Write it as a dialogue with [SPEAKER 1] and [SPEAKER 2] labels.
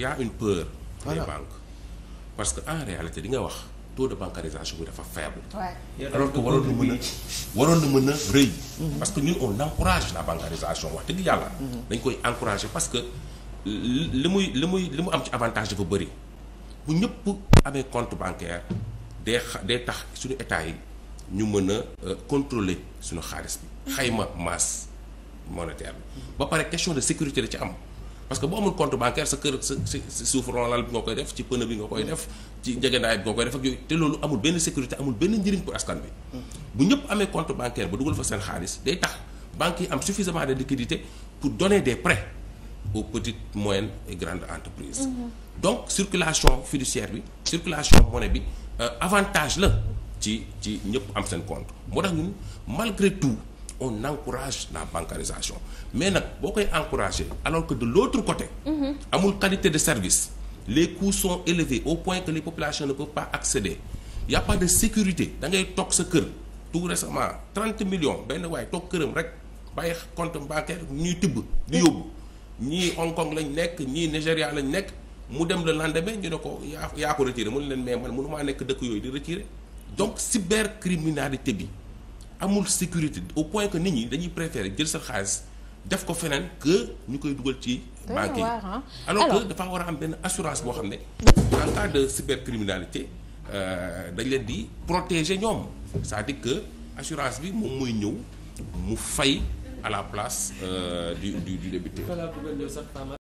[SPEAKER 1] y une peur des banques parce que en réalité di nga wax taux de bancarisation bi dafa faible alors que waroon na mën a waroon na mën a rëy parce que ñun on encourage la bancarisation wax dëgg yàlla dañ koy encourager parce que li muy li muy li mu am ci avantage dafa bëri bu ñëpp amee compte bancaire day day tax suñu état yi ñu mën a euh, contrôler suñu xaalis bi xayma masse monétaire bi ba pare question de sécurité da ci am parce que boo amul compte bancaire sa kër suuf ronlal bi nga koy def ci pneu bi nga koy def ci njëgënaay bi nga koy def yooyu te loolu amul benn sécurité amul benn njëriñ pour askan bi bu ñëpp amee compte bancaire ba dugal fa seen xaalis day tax banques yi am suffisamment de liquidité pour donner des prêts aux petites moyennes et grandes entreprises mmh. donc circulation fiduciaire bi circulation monnaie bi euh, avantage la ci ci ñëpp am seen compte moo tax ñun malgré tout on encourage la bancarisation mais nag boo koy encourager alors que de l'autre côté mhm. amul qualité de service les coûts sont élevés au point que les populations ne peuvent pas accéder y a pas de sécurité da ngay toog sa kër tout récemment trente millions benn waay toog këram rek bàyyi compte bancaire ñuy tibb di mhm. yóbbu ñii Hong Kong lañ nekk ñii Nigéria lañ nekk mu dem le lendemain ñu ne ko yaa yaa ko retiré mu ne leen mais man mënumaa nekk dëkk yooyu di retiré donc cybercriminalité bi amul sécurité au point que nit ñi dañuy préférer jël sa xaalis def ko feneen que ñu koy dugal ci banque yi alors dafa war a am benn assurance boo xam ne en cas de cybercriminalité euh, dañ leen di protéger ñoom c'est-à-dire assurance bi moom mooy ñëw mu fay à la place euh, du du du débiteur